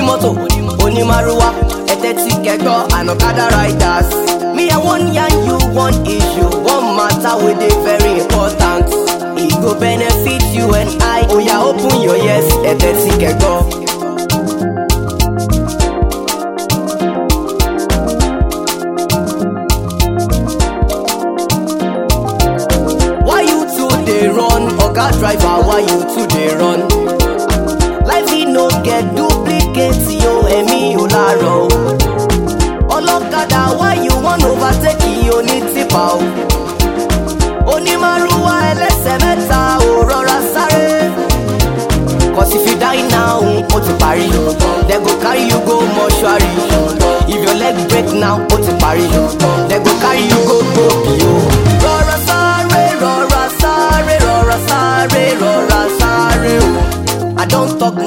onímọ́tò onímàrúwá ẹ̀tẹ́ ti kẹ́gbọ́ ànàkádà riders. me i wan yarn you one issue one matter wey dey very important e go benefit you and i oya oh, open your ears ẹ̀tẹ́ ti kẹ́gbọ́. Why you two dey run oga driver why you two o láàárọ̀ o ọlọ́kadà why you wan overtake yìí onítìpa o onímàrúwá ẹlẹ́sẹ̀ mẹ́ta ò rọra sáré cause if you die now ó ti parí dem go carry you go mortuary if your leg break now ó ti parí dem go carry you.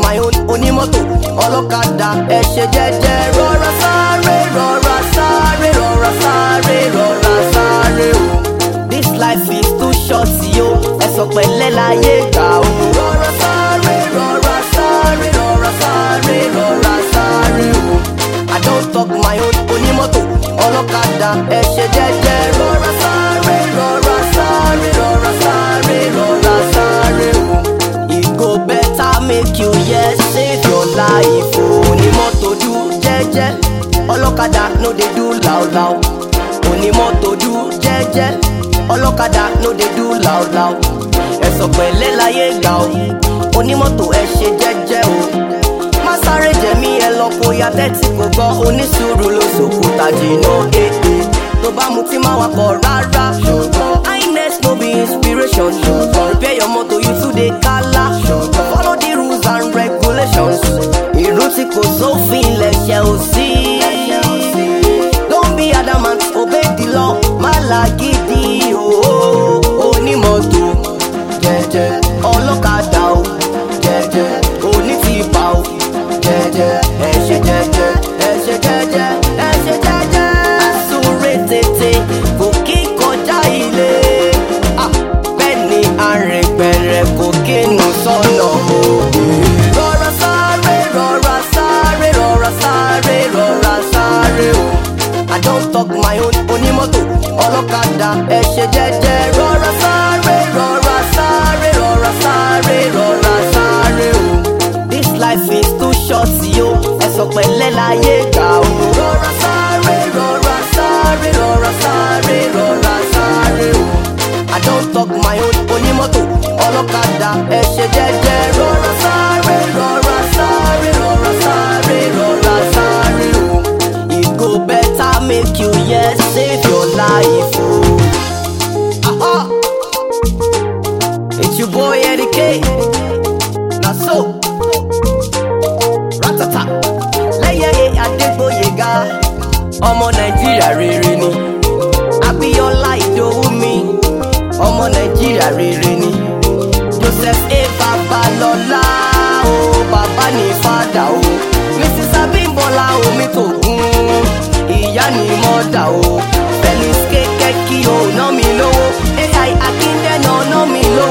my own onímọ́tò ọlọ́kadà ẹ ṣe jẹ́jẹ́ rọra sáré rọra sáré rọra sáré rọra sáré o this life is too short yo ẹ sọ pẹ̀lẹ́ láyé gbà o. rọra sáré rọra sáré rọra sáré rọra sáré o i don talk my own onímọ́tò ọlọ́kadà ẹ ṣe jẹ́jẹ́ rọra sáré. make you yes save your life onímọ́tò dúró jẹ́jẹ́ ọlọ́kadà no dey do láúláú onímọ́tò dúró jẹ́jẹ́ ọlọ́kadà no dey do láúláú ẹ̀sọ̀ pẹ̀lẹ́ láyé gbà ó onímọ́tò ẹ ṣe jẹ́jẹ́ o má sáré jẹ̀mí ẹ lọ kó ya tẹ́tí kò gbọ́ onísùúrù ló sòkòtà jìnnà èdè eh, eh. tó bá mu tí máa wakọ̀ rárá ṣùgbọ́n ines no be inspiration ṣùgbọ́n repair your motor jẹ́jẹ́ ẹ ṣe jẹ́jẹ́ ẹ ṣe jẹ́jẹ́ ẹ ṣe jẹ́jẹ́. àsùnrè tètè kò kí kọjá ilé bẹ́ẹ̀ ni arìnbẹ̀rẹ̀ kò kí nù sọ́nà o. rọra I don't talk my own onímọ́tò ọlọ́kadà ẹ ṣe jẹ́jẹ́ rọra. láyé gbà ó. rọra sáré rọra sáré rọra sáré rọra sáré o. I don't talk my own onímọ́tò ọlọ́kadà ẹ ṣe jẹ́jẹ́ rọra sáré rọra sáré rọra sáré rọra sáré o. e go better make you yes save your life. ọmọ nàìjíríà rere ni abiola ìdòwúmi ọmọ nàìjíríà rere ni joseph a babalọlá o bàbá ni fada o mrs abimbola omi kò gún ìyá ní mọ́dà o felix kékèké o ná mi lówó ai akíndé náà ná mi lówó.